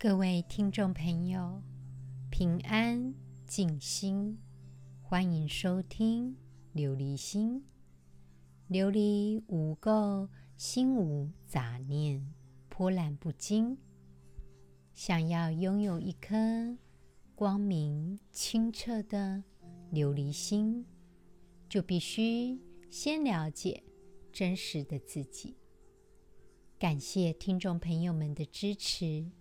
各位聽眾朋友，平安靜心，歡迎收聽琉璃心。琉璃無垢，心無雜念，波瀾不驚。想要擁有一顆光明清澈的琉璃心，就必須先了解真實的自己。感謝聽眾朋友們的支持。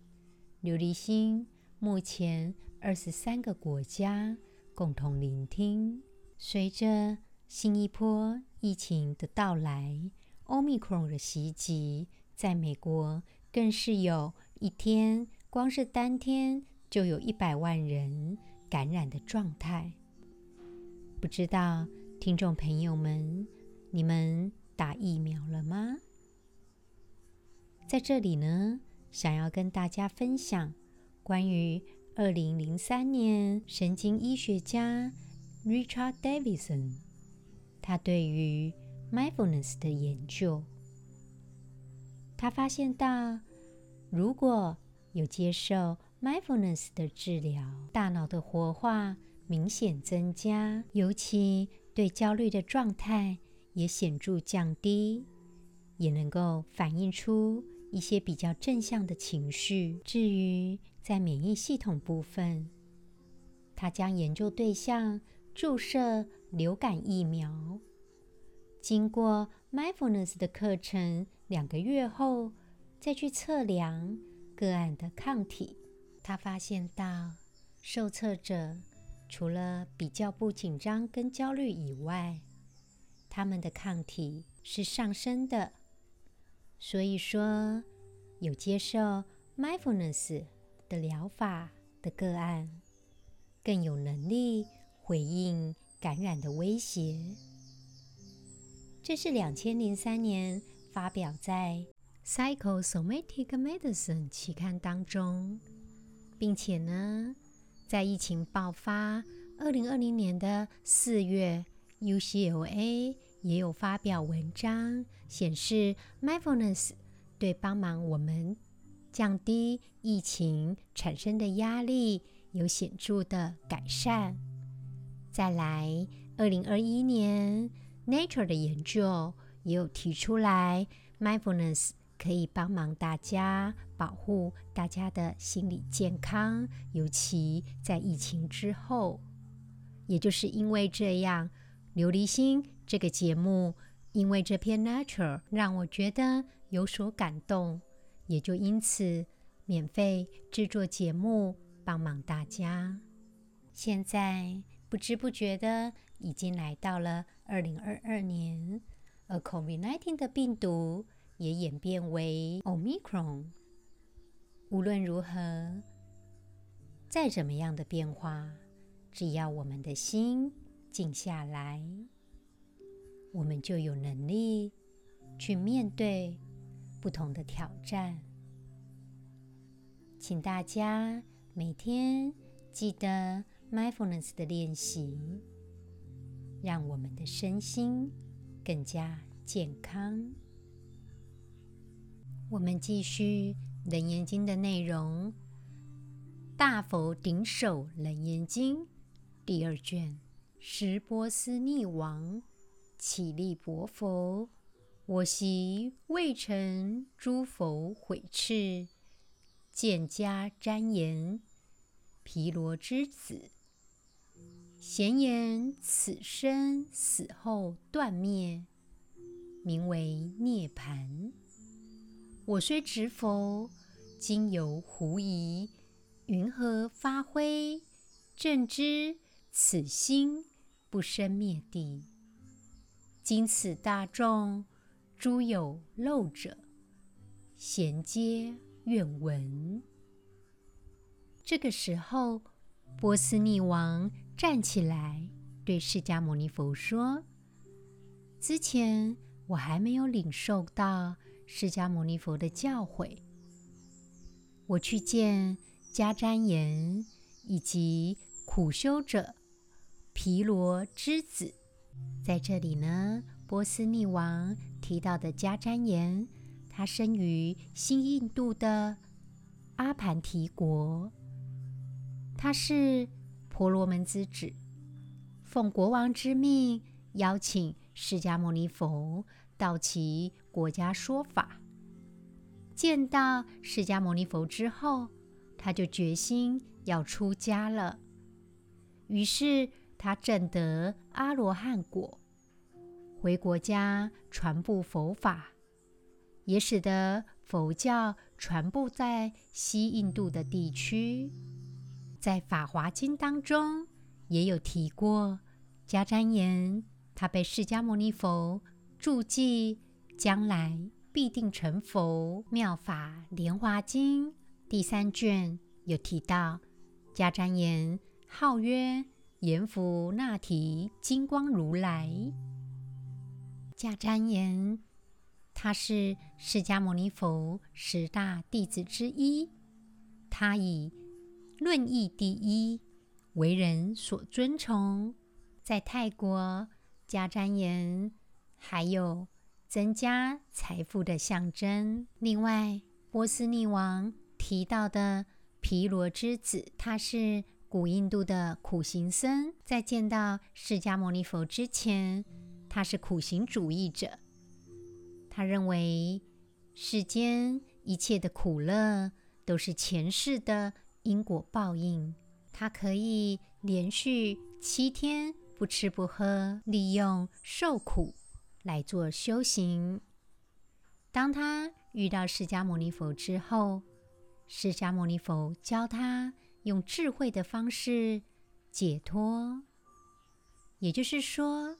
琉璃心目前二十三個國家共同聆聽。隨着新一波疫情的到來，Omicron 的襲擊，在美國更是有一天光是當天就有一百萬人感染的狀態。不知道聽眾朋友們，你們打疫苗了嗎？在這裡呢，想要跟大家分享關於二零零三年神經醫學家 Richard Davidson，他對於 mindfulness 的研究，他發現到如果有接受 mindfulness 的治療，大腦的活化明顯增加，尤其對焦慮的狀態也顯著降低，也能夠反映出。一些比較正向的情緒。至於在免疫系統部分，他將研究對象注射流感疫苗，經過 Mindfulness 的課程兩個月後，再去測量個案的抗體。他發現到受測者除了比較不緊張跟焦慮以外，他們的抗體是上升的。所以說，有接受 mindfulness 的療法的個案，更有能力回應感染的威脅。這是兩千零三年發表在《Psychosomatic Medicine》期刊當中，並且呢，在疫情爆發二零二零年的四月，UCLA。也有發表文章顯示，mindfulness 對幫忙我們降低疫情產生的壓力有顯著的改善。再來，二零二一年 Nature 的研究也有提出來，mindfulness 可以幫忙大家保護大家的心理健康，尤其在疫情之後。也就是因為這樣，琉璃心。這個節目，因為這篇《Nature》讓我覺得有所感動，也就因此免費製作節目幫忙大家。現在不知不覺的已經來到了二零二二年而，而 COVID-19 的病毒也演變為 Omicron。無論如何，再怎麼樣的變化，只要我們的心靜下來。我們就有能力去面對不同的挑戰。請大家每天記得 mindfulness 的練習，讓我們的身心更加健康。我們繼續《楞嚴經》的內容，《大佛頂首楞嚴經》第二卷，十波斯匿王。起立，薄佛！我昔未成諸佛，毀斥見加沾言，毗羅之子，閒言此生死後斷滅，名為涅盤。我雖知佛，經由狐疑，云何發揮？正知此心不生滅地。今此大眾，諸有漏者，咸皆願聞。這個時候，波斯匿王站起來，對釋迦牟尼佛說：“之前我還沒有領受到釋迦牟尼佛的教誨，我去見迦旃延以及苦修者毗羅胝子。”在這裡呢，波斯匿王提到的迦旃延，他生於新印度的阿盤提國，他是婆羅門之子，奉國王之命邀請釋迦牟尼佛到其國家說法。見到釋迦牟尼佛之後，他就決心要出家了。於是他證得。阿羅漢果，回國家傳播佛法，也使得佛教傳播在西印度的地區。在《法華經》當中也有提過迦旃延，他被釋迦牟尼佛注記，將來必定成佛。《妙法蓮華經》第三卷有提到迦旃延號曰。嚴浮那提金光如來，迦旃延，他是釋迦牟尼佛十大弟子之一。他以論議第一為人所尊崇。在泰國，迦旃延還有增加財富的象徵。另外，波斯匿王提到的毗羅胝子，他是。古印度的苦行僧在見到釋迦牟尼佛之前，他是苦行主義者。他認為世間一切的苦樂都是前世的因果報應。他可以連續七天不吃不喝，利用受苦來做修行。當他遇到釋迦牟尼佛之後，釋迦牟尼佛教他。用智慧的方式解脫，也就是說，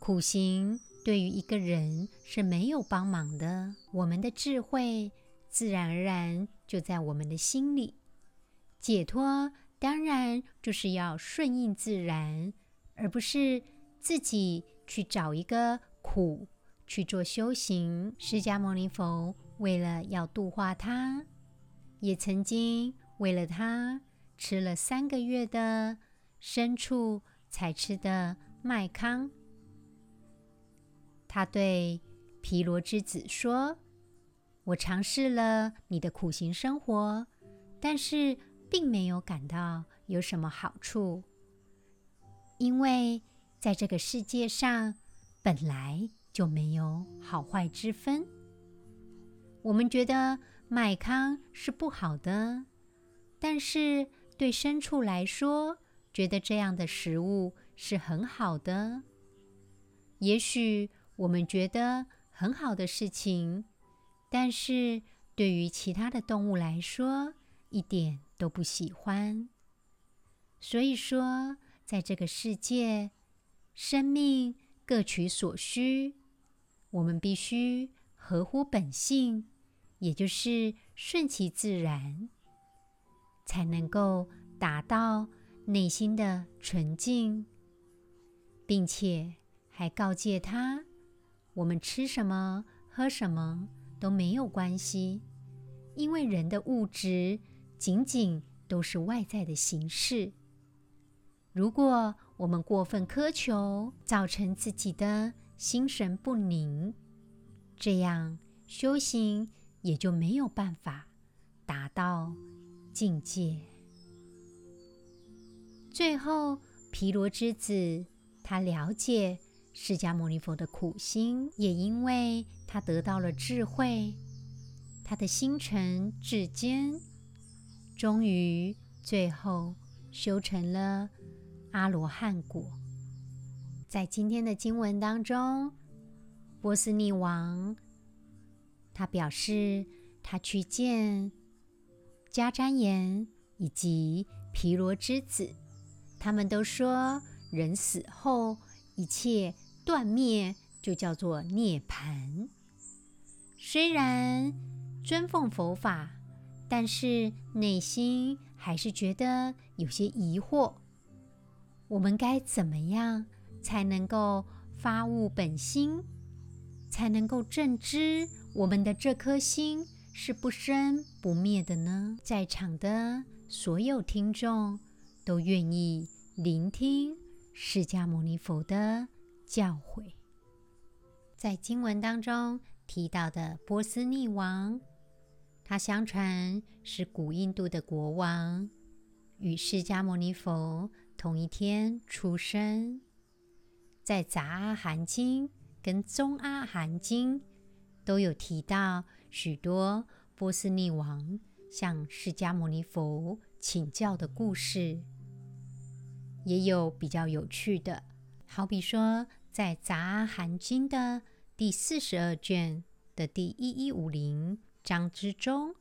苦行對於一個人是沒有幫忙的。我們的智慧自然而然就在我們的心裡。解脫當然就是要順應自然，而不是自己去找一個苦去做修行。釋迦牟尼佛為了要度化他，也曾經。為了他吃了三個月的牲畜，才吃的麥糠，他對毗羅胝子說：“我嘗試了你的苦行生活，但是並沒有感到有什麼好處，因為在這個世界上本來就沒有好壞之分。我們覺得麥糠是不好的。”但是對牲畜來說，覺得這樣的食物是很好的。也許我們覺得很好的事情，但是對於其他的動物來說，一點都不喜歡。所以說，在這個世界，生命各取所需，我們必須合乎本性，也就是順其自然。才能夠達到內心的純淨，並且還告誡他：我們吃什麼、喝什麼都沒有關係，因為人的物質僅僅都是外在的形式。如果我們過分苛求，造成自己的心神不寧，這樣修行也就沒有辦法達到境界。最後，毗羅胝子，他了解釋迦牟尼佛的苦心，也因為他得到了智慧，他的心誠至堅，終於最後修成了阿羅漢果。在今天的經文當中，波斯匿王，他表示他去見。迦旃延以及毗羅胝子，他們都說人死後一切斷滅，就叫做涅槃。雖然尊奉佛法，但是內心還是覺得有些疑惑。我們該怎麼樣才能夠發悟本心，才能夠正知我們的這顆心？是不生不滅的呢？在場的所有聽眾都願意聆聽釋迦牟尼佛的教誨。在經文當中提到的波斯匿王，他相傳是古印度的國王，與釋迦牟尼佛同一天出生。在《雜阿含經》跟《中阿含經》都有提到。許多波斯匿王向釋迦牟尼佛請教的故事，也有比較有趣的。好比說，在《雜阿含經》的第四十二卷的第一一五零章之中，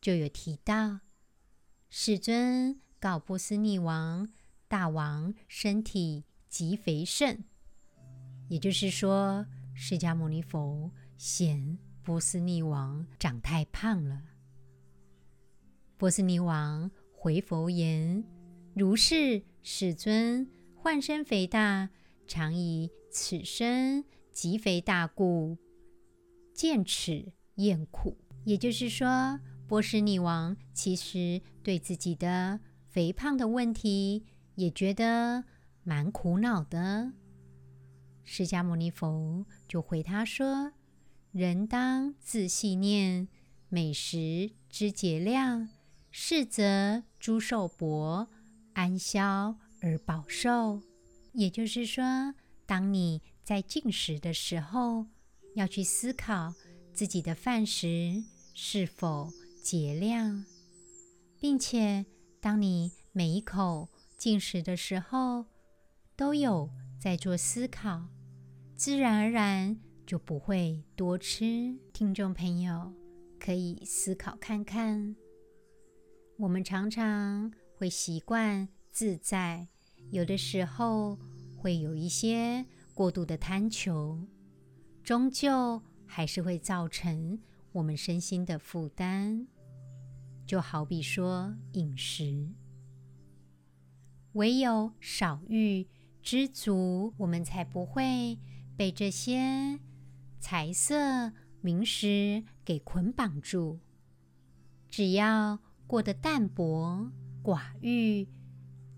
就有提到世尊告波斯匿王：“大王身體極肥盛。”也就是說，釋迦牟尼佛顯。波斯匿王長太胖了。波斯匿王回佛言：“如是，世尊，幻身肥大，常以此身極肥大故，見恥厭苦。”也就是說，波斯匿王其實對自己的肥胖的問題也覺得蠻苦惱的。釋迦牟尼佛就回他說。人當自繫念，每食知節量，是則諸受薄，安消而保壽。也就是說，當你在進食的時候，要去思考自己的飯食是否節量，並且當你每一口進食的時候，都有在做思考，自然而然。就不會多吃。聽眾朋友可以思考看看，我們常常會習慣自在，有的時候會有一些過度的貪求，終究還是會造成我們身心的負擔。就好比說飲食，唯有少欲知足，我們才不會被這些。財色名食給捆綁住，只要過得淡泊寡欲，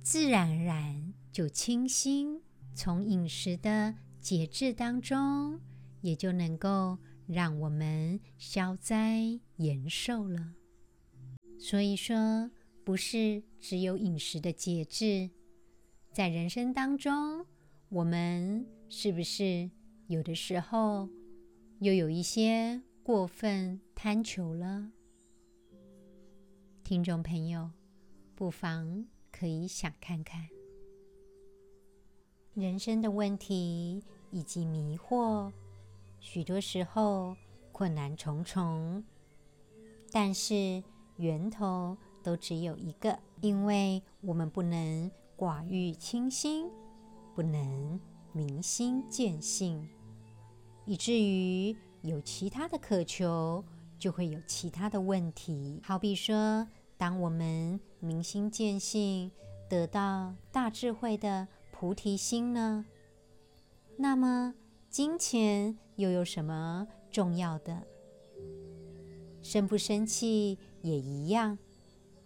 自然而然就清心，從飲食的節制當中，也就能夠讓我們消災延壽了。所以說，不是只有飲食的節制，在人生當中，我們是不是有的時候，又有一些過分貪求了，聽眾朋友，不妨可以想看看，人生的問題以及迷惑，許多時候困難重重，但是源頭都只有一個，因為我們不能寡欲清心，不能明心見性。以至於有其他的渴求，就會有其他的問題。好比說，當我們明心見性，得到大智慧的菩提心呢，那麼，金錢又有什麼重要的？生不生氣也一樣，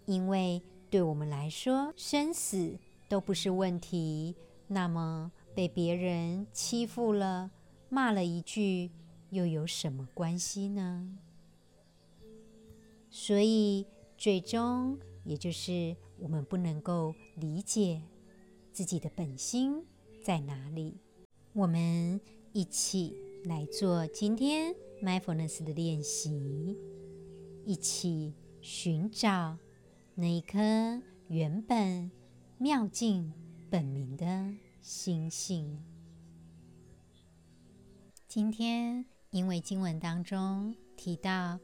因為對我們來說，生死都不是問題。那麼，被別人欺負了，罵了一句，又有什麼關係呢？所以，最終也就是我們不能夠理解自己的本心在哪裡。我們一起來做今天 mindfulness 的練習，一起尋找那一顆原本妙境本明的心性。今天因為經文當中提到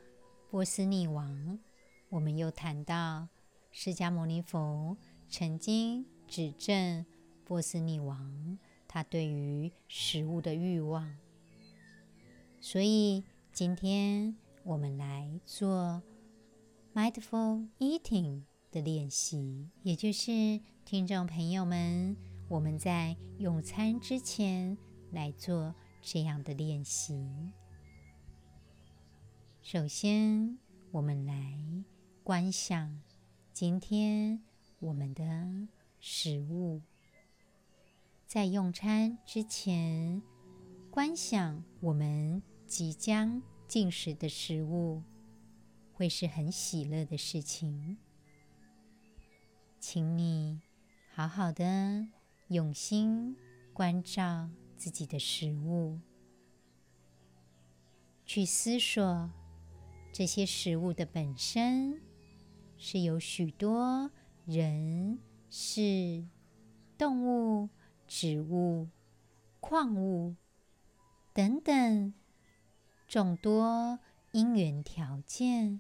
波斯匿王，我們又談到釋迦牟尼佛曾經指正波斯匿王他對於食物的欲望，所以今天我們來做 Mindful Eating 的練習，也就是聽眾朋友們，我們在用餐之前來做。這樣的練習。首先，我們來觀想今天我們的食物。在用餐之前，觀想我們即將進食的食物，會是很喜樂的事情。請你好好的用心觀照自己的食物，去思索這些食物的本身，是由許多人、事、動物、植物、礦物等等眾多因緣條件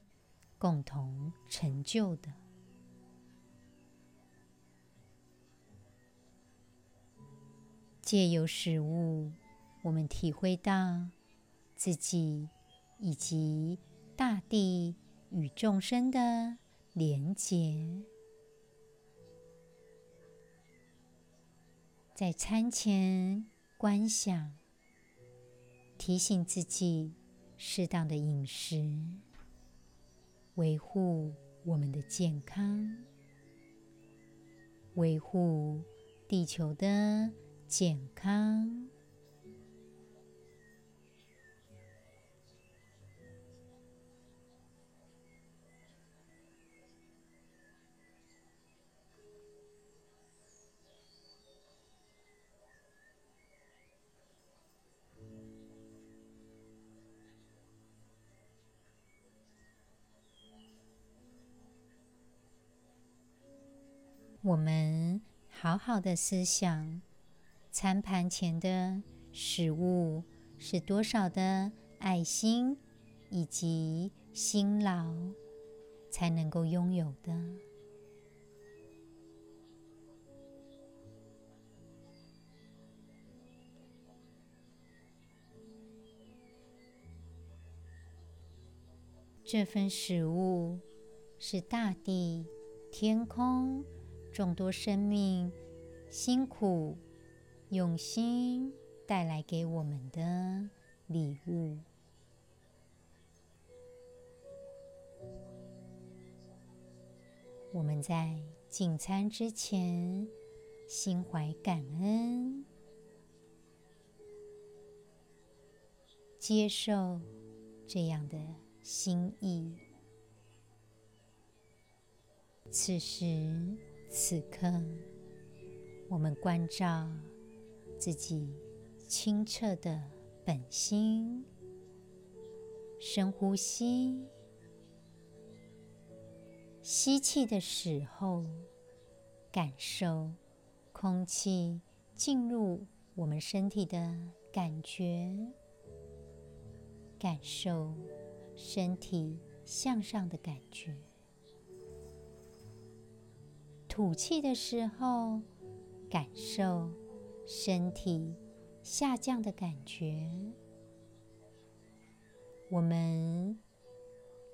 共同成就的。借由食物，我們體會到自己以及大地與眾生的連結。在餐前觀想，提醒自己適當的飲食，維護我們的健康，維護地球的。健康，我們好好的思想。餐盤前的食物是多少的愛心以及辛勞才能夠擁有的？這份食物是大地、天空、眾多生命辛苦。用心帶來給我們的禮物，我們在進餐之前心懷感恩，接受這樣的心意。此時此刻，我們關照。自己清澈的本心，深呼吸，吸氣的時候，感受空氣進入我們身體的感覺，感受身體向上的感覺；吐氣的時候，感受。身體下降的感覺，我們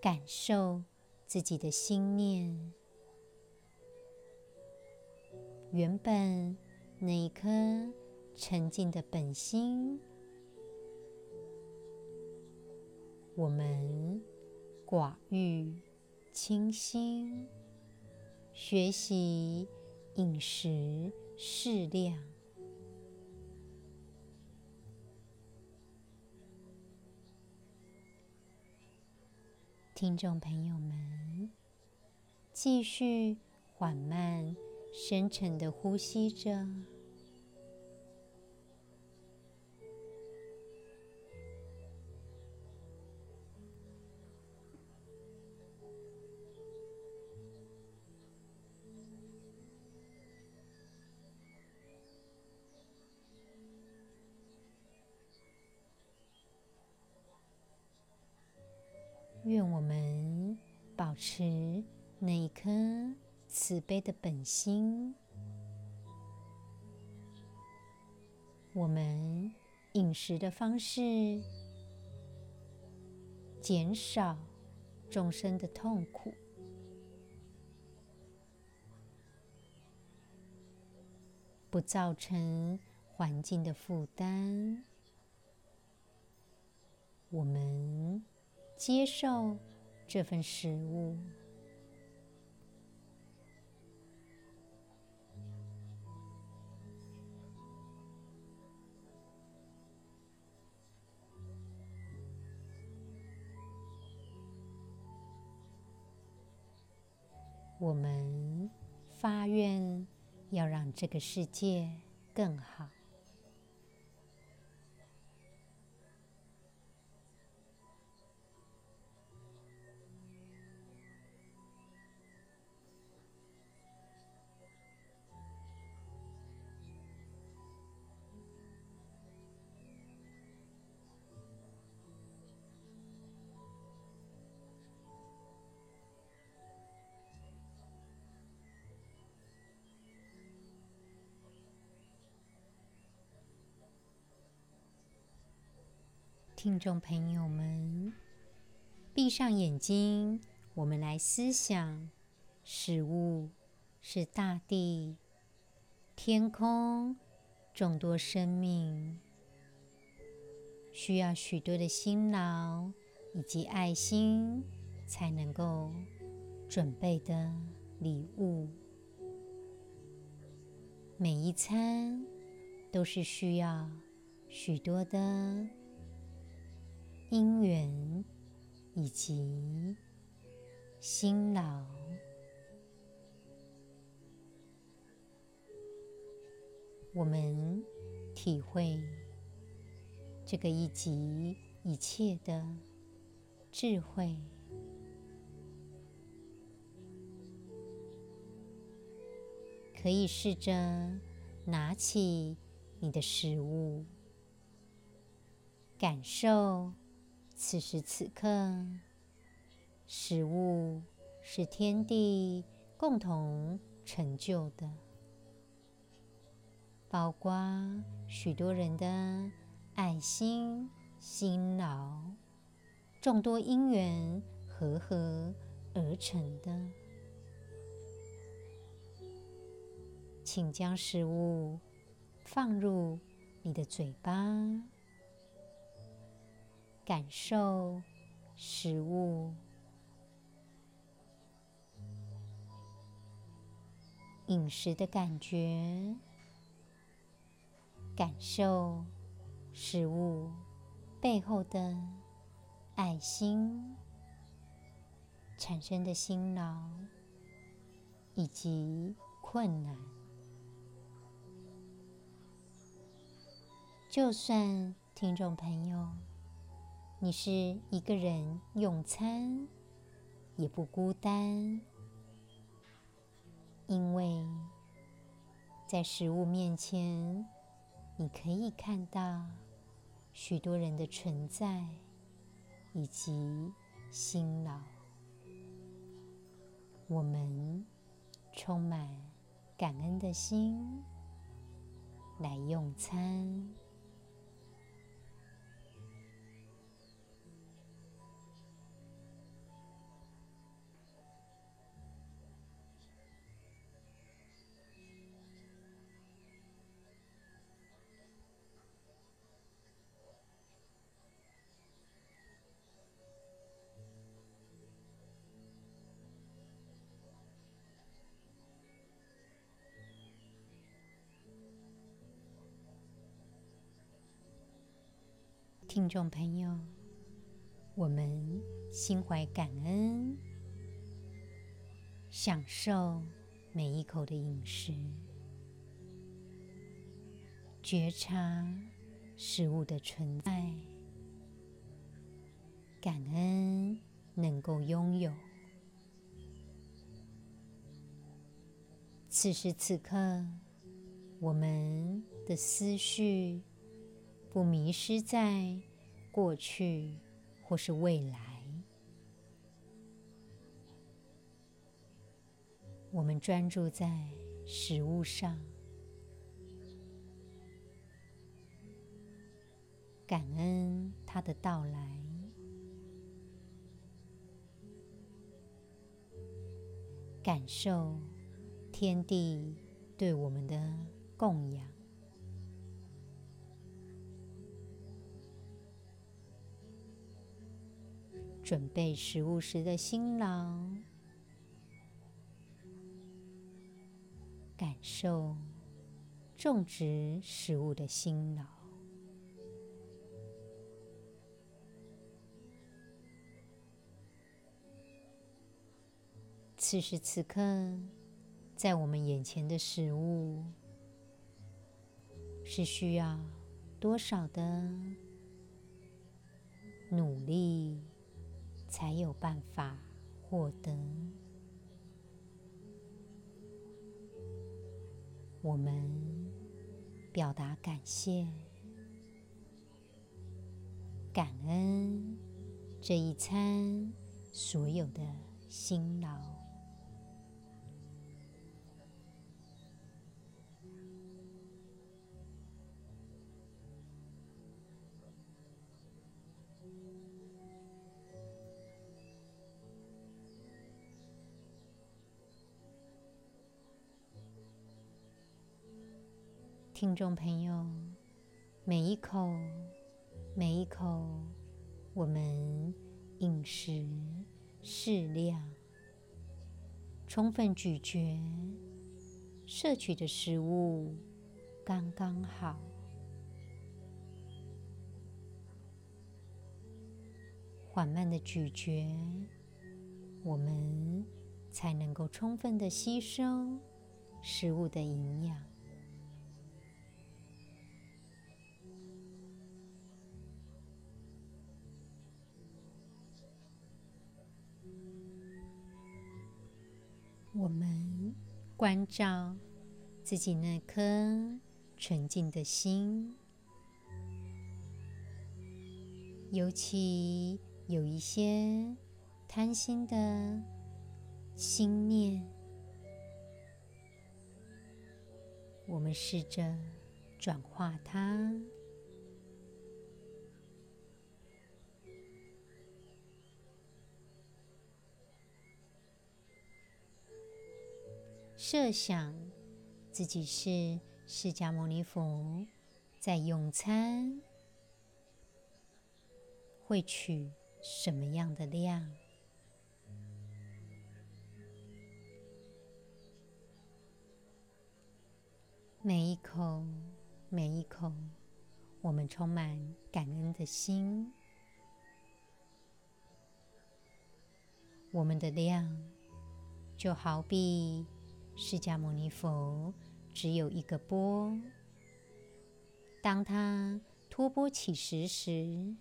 感受自己的心念，原本那一顆沉靜的本心，我們寡欲清心，學習飲食適量。聽眾朋友們，繼續緩慢、深沉地呼吸着。持那顆慈悲的本心，我們飲食的方式減少眾生的痛苦，不造成環境的負擔，我們接受。這份食物，我們發願要讓這個世界更好。聽眾朋友們，閉上眼睛，我們來思想：食物是大地、天空眾多生命需要許多的辛勞以及愛心才能夠準備的禮物。每一餐都是需要許多的。因緣以及辛勞，我們體會這個一即一切的智慧，可以試着拿起你的食物，感受。此時此刻，食物是天地共同成就的，包括許多人的愛心、辛勞、眾多因緣和合，合而成的。請將食物放入你的嘴巴。感受食物飲食的感覺，感受食物背後的愛心產生的辛勞以及困難。就算聽眾朋友，你是一個人用餐，也不孤單，因為在食物面前，你可以看到許多人的存在以及辛勞。我們充滿感恩的心來用餐。聽眾朋友，我們心懷感恩，享受每一口的飲食，覺察食物的存在，感恩能夠擁有。此時此刻，我們的思緒。不迷失在過去或是未來，我們專注在食物上，感恩它的到來，感受天地對我們的供養。準備食物時的辛勞，感受種植食物的辛勞。此時此刻，在我們眼前的食物，是需要多少的努力，才有辦法獲得。我們表達感謝、感恩這一餐所有的辛勞。聽眾朋友，每一口，每一口，我們飲食適量，充分咀嚼，攝取的食物剛剛好，緩慢的咀嚼，我們才能夠充分的吸收食物的營養。我們觀照自己那顆純淨的心，尤其有一些貪心的心念，我們試着轉化它。設想自己是釋迦牟尼佛在用餐，會取什麼樣的量？每一口，每一口，我們充滿感恩的心，我們的量就好比。釋迦牟尼佛只有一個缽，當他托缽乞食時，時時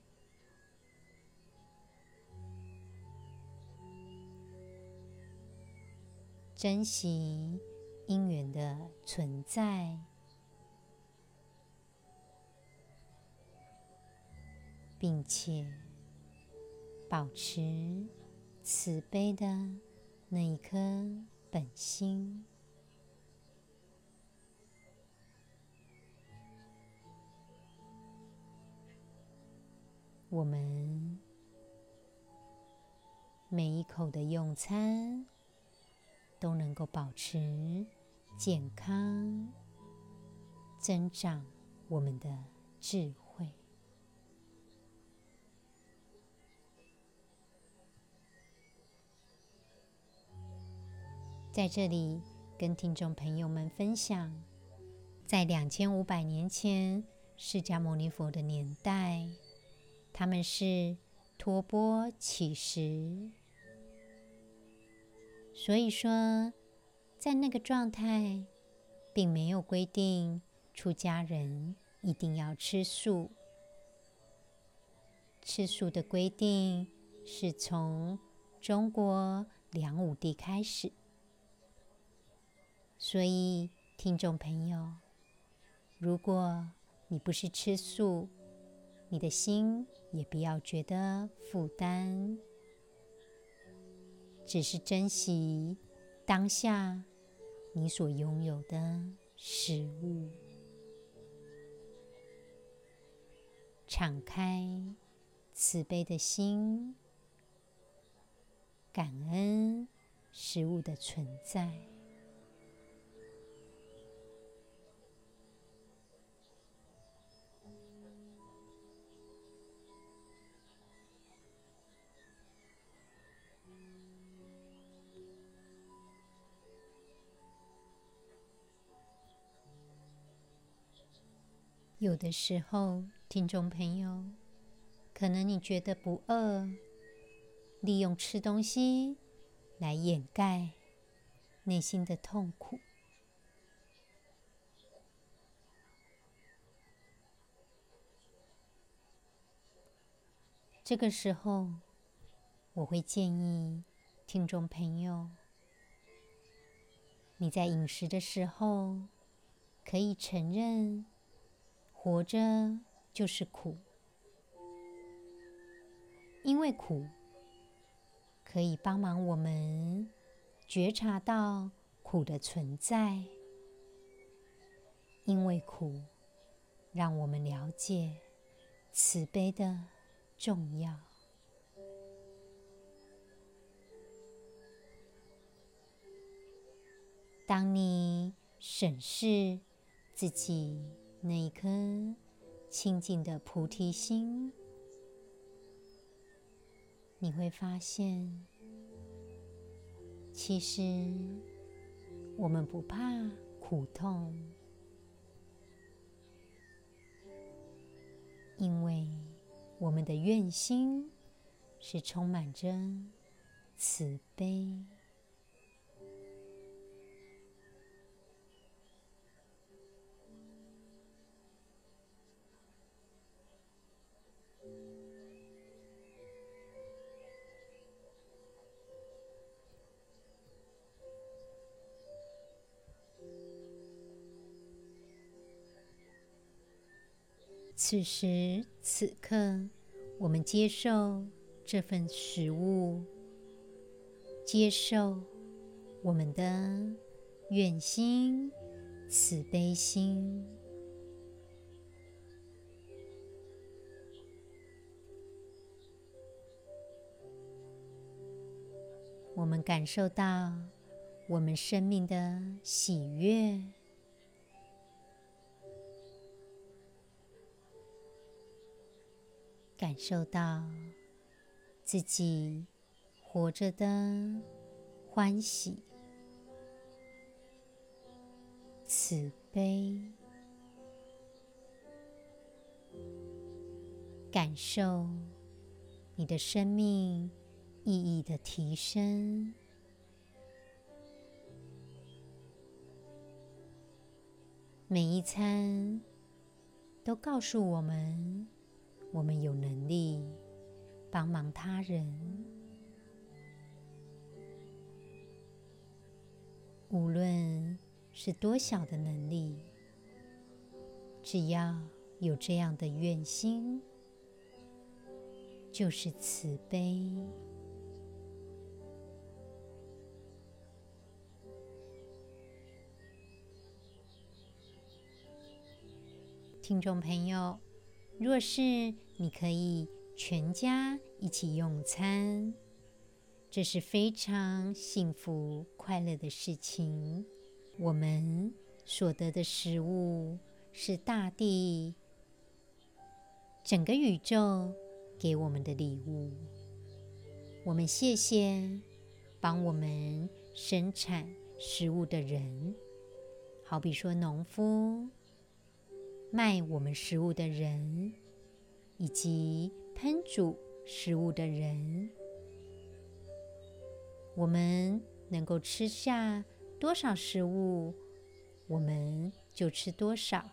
珍惜因緣的存在，並且保持慈悲的那一顆本心，我們每一口的用餐都能夠保持健康，增長我們的智慧。在這裡跟聽眾朋友們分享，在兩千五百年前釋迦牟尼佛的年代，他們是托缽乞食，所以說在那個狀態，並沒有規定出家人一定要吃素。吃素的規定是從中國梁武帝開始。所以，聽眾朋友，如果你不是吃素，你的心也不要覺得負擔，只是珍惜當下你所擁有的食物，敞開慈悲的心，感恩食物的存在。有的時候，聽眾朋友可能你覺得不餓，利用吃東西來掩蓋內心的痛苦。這個時候，我會建議聽眾朋友，你在飲食的時候可以承認。活着就是苦，因為苦可以幫忙我們覺察到苦的存在，因為苦讓我們了解慈悲的重要。當你審視自己。那一顆清淨的菩提心，你會發現，其實我們不怕苦痛，因為我們的願心是充滿着慈悲。此時此刻，我們接受這份食物，接受我們的願心、慈悲心，我們感受到我們生命的喜悅。感受到自己活着的歡喜、慈悲，感受你的生命意義的提升。每一餐都告訴我們。我們有能力幫忙他人，無論是多小的能力，只要有這樣的願心，就是慈悲。聽眾朋友。若是你可以全家一起用餐，這是非常幸福快樂的事情。我們所得的食物是大地，整個宇宙給我們的禮物。我們謝謝幫我們生產食物的人，好比說農夫。賣我們食物的人，以及烹煮食物的人，我們能夠吃下多少食物，我們就吃多少，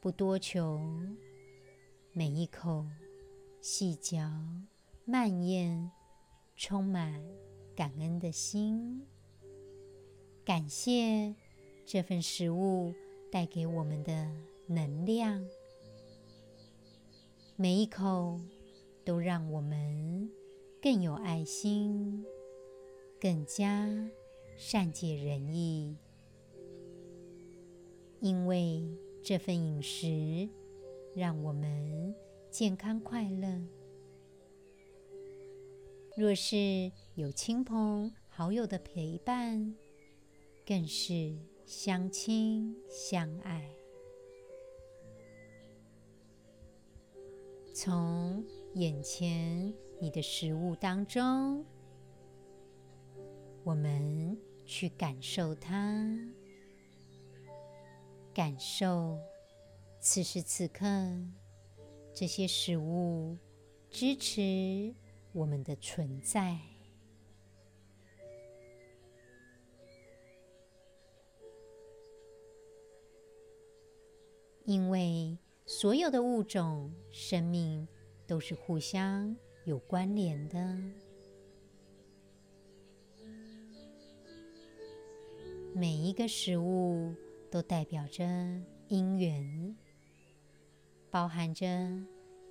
不多求。每一口細嚼慢嚥，充滿感恩的心，感謝這份食物，帶給我們的能量，每一口都讓我們更有愛心，更加善解人意。因為這份飲食讓我們健康快樂，若是有親朋好友的陪伴，更是。相親相愛，從眼前你的食物當中，我們去感受它，感受此時此刻這些食物支持我們的存在。因為所有的物種、生命都是互相有關聯的，每一個食物都代表着因緣，包含着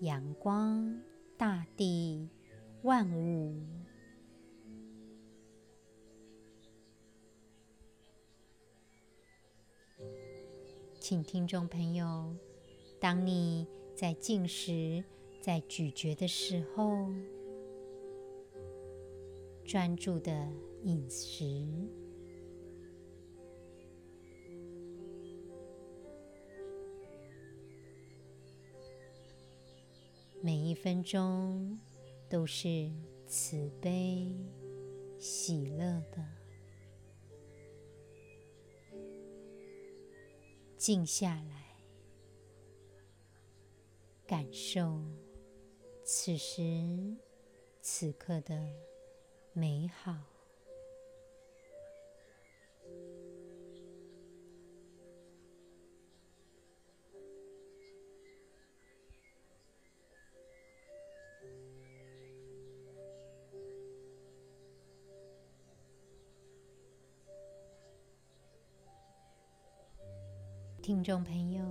陽光、大地、萬物。請聽眾朋友，當你在進食、在咀嚼的時候，專注的飲食，每一分鐘都是慈悲喜樂的。靜下來，感受此時此刻的美好。聽眾朋友，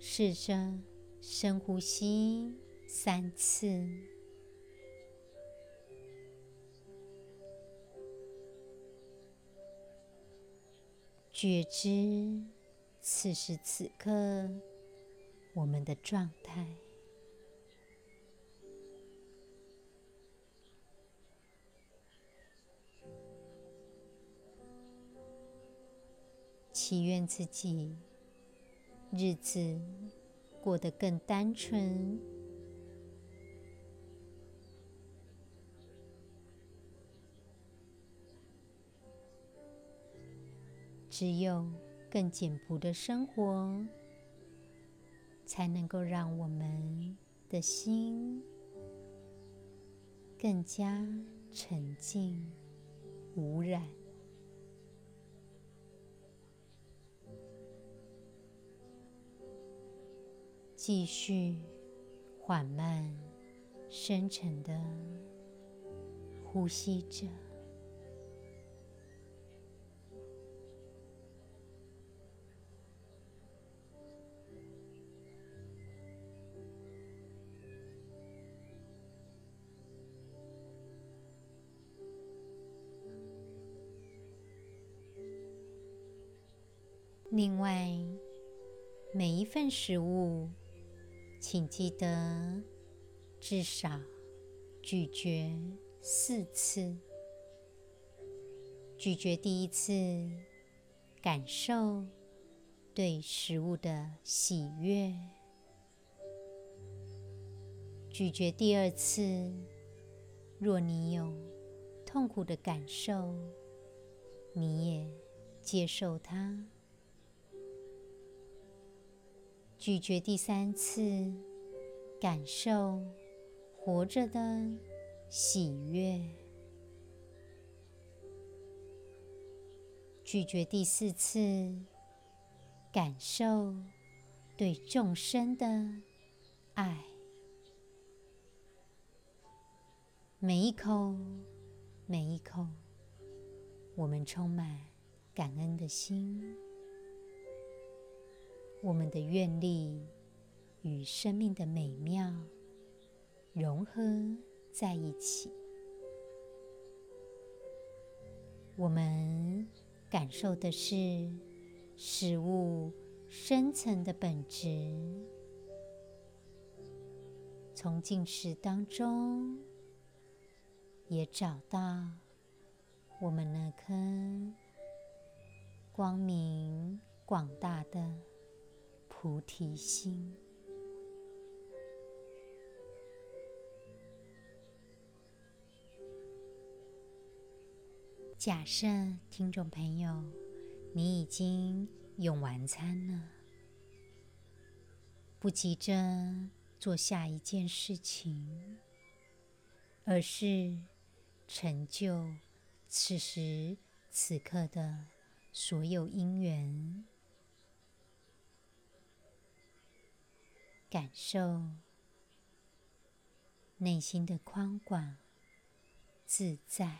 試着深呼吸三次，覺知此時此刻我們的狀態。祈願自己日子過得更單純，只有更簡樸的生活，才能夠讓我們的心更加沉靜無染。繼續緩慢、深沉地呼吸着。另外，每一份食物。請記得，至少咀嚼四次。咀嚼第一次，感受對食物的喜悅。咀嚼第二次，若你有痛苦的感受，你也接受它。咀嚼第三次，感受活着的喜悅，咀嚼第四次，感受對眾生的愛。每一口，每一口，我們充滿感恩的心。我們的願力與生命的美妙融合在一起，我們感受的是食物深層的本質，從進食當中也找到我們那顆光明廣大的。菩提心。假設聽眾朋友，你已經用完餐了，不急着做下一件事情，而是成就此時此刻的所有因緣。感受內心的寬廣、自在，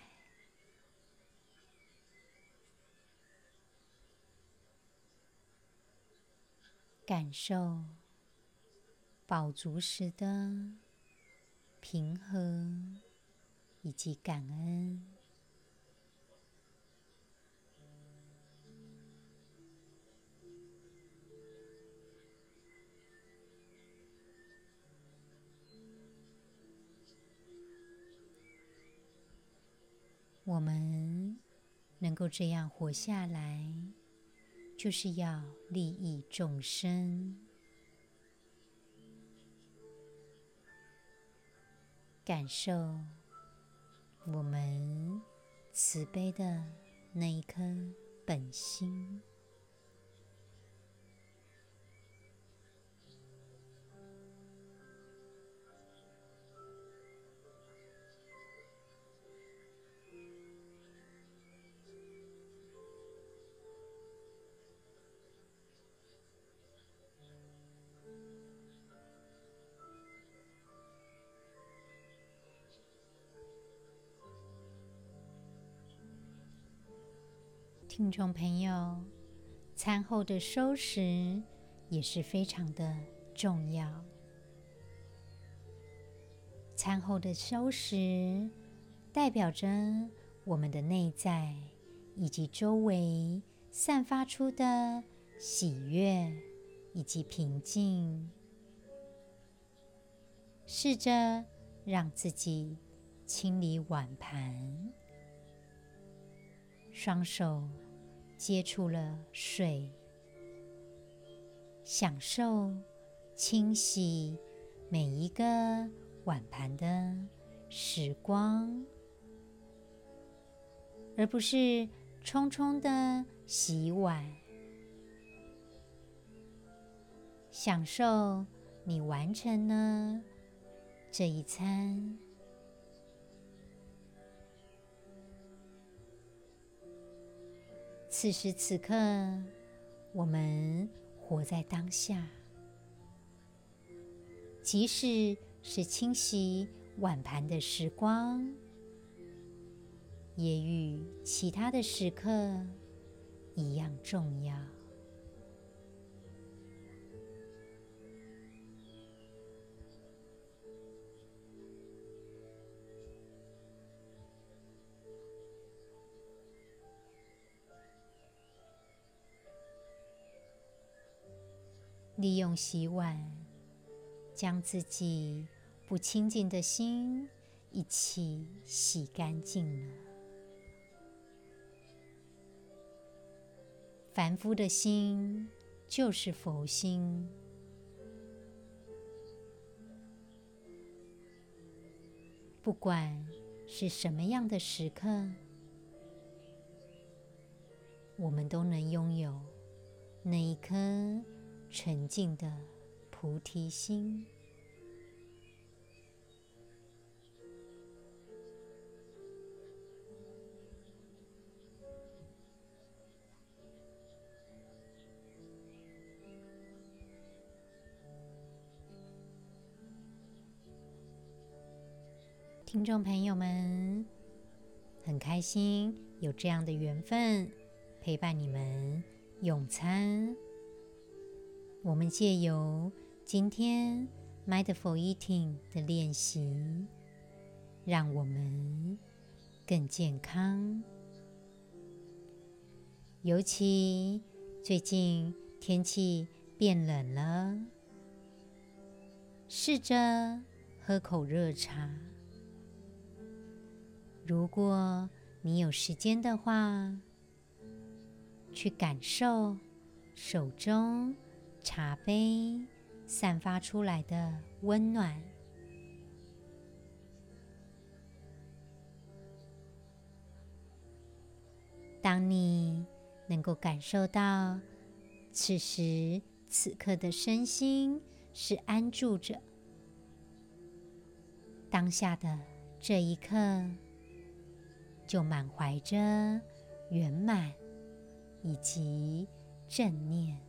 感受飽足時的平和以及感恩。能夠這樣活下來，就是要利益眾生，感受我們慈悲的那一顆本心。聽眾朋友，餐後的收拾也是非常的重要。餐後的收拾代表着我們的內在以及周圍散發出的喜悅以及平靜。試着讓自己清理碗盤，雙手。接觸了水，享受清洗每一個碗盤的時光，而不是匆匆的洗碗，享受你完成了這一餐。此時此刻，我們活在當下。即使是清洗碗盤的時光，也與其他的時刻一樣重要。利用洗碗，將自己不清淨的心一起洗乾淨了。凡夫的心就是佛心，不管是什麼樣的時刻，我們都能擁有那一顆。清淨的菩提心，聽眾朋友們，很開心有這樣的緣分陪伴你們用餐。我們借由今天 mindful eating 的練習，讓我們更健康。尤其最近天氣變冷了，試着喝口熱茶。如果你有時間的話，去感受手中。茶杯散發出來的溫暖。當你能夠感受到此時此刻的身心是安住着，當下的這一刻就滿懷着圓滿以及正念。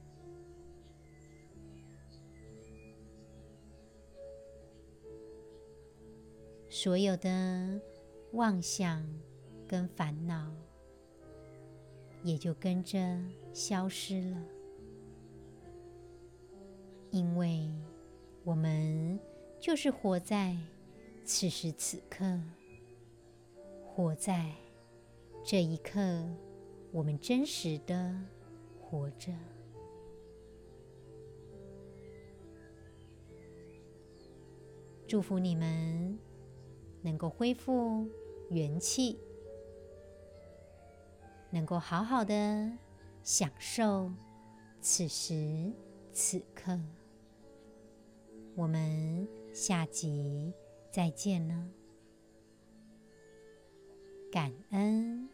所有的妄想跟煩惱，也就跟着消失了，因為我們就是活在此時此刻，活在這一刻，我們真實的活着。祝福你們。能夠恢復元氣，能夠好好的享受此時此刻。我們下集再見了，感恩。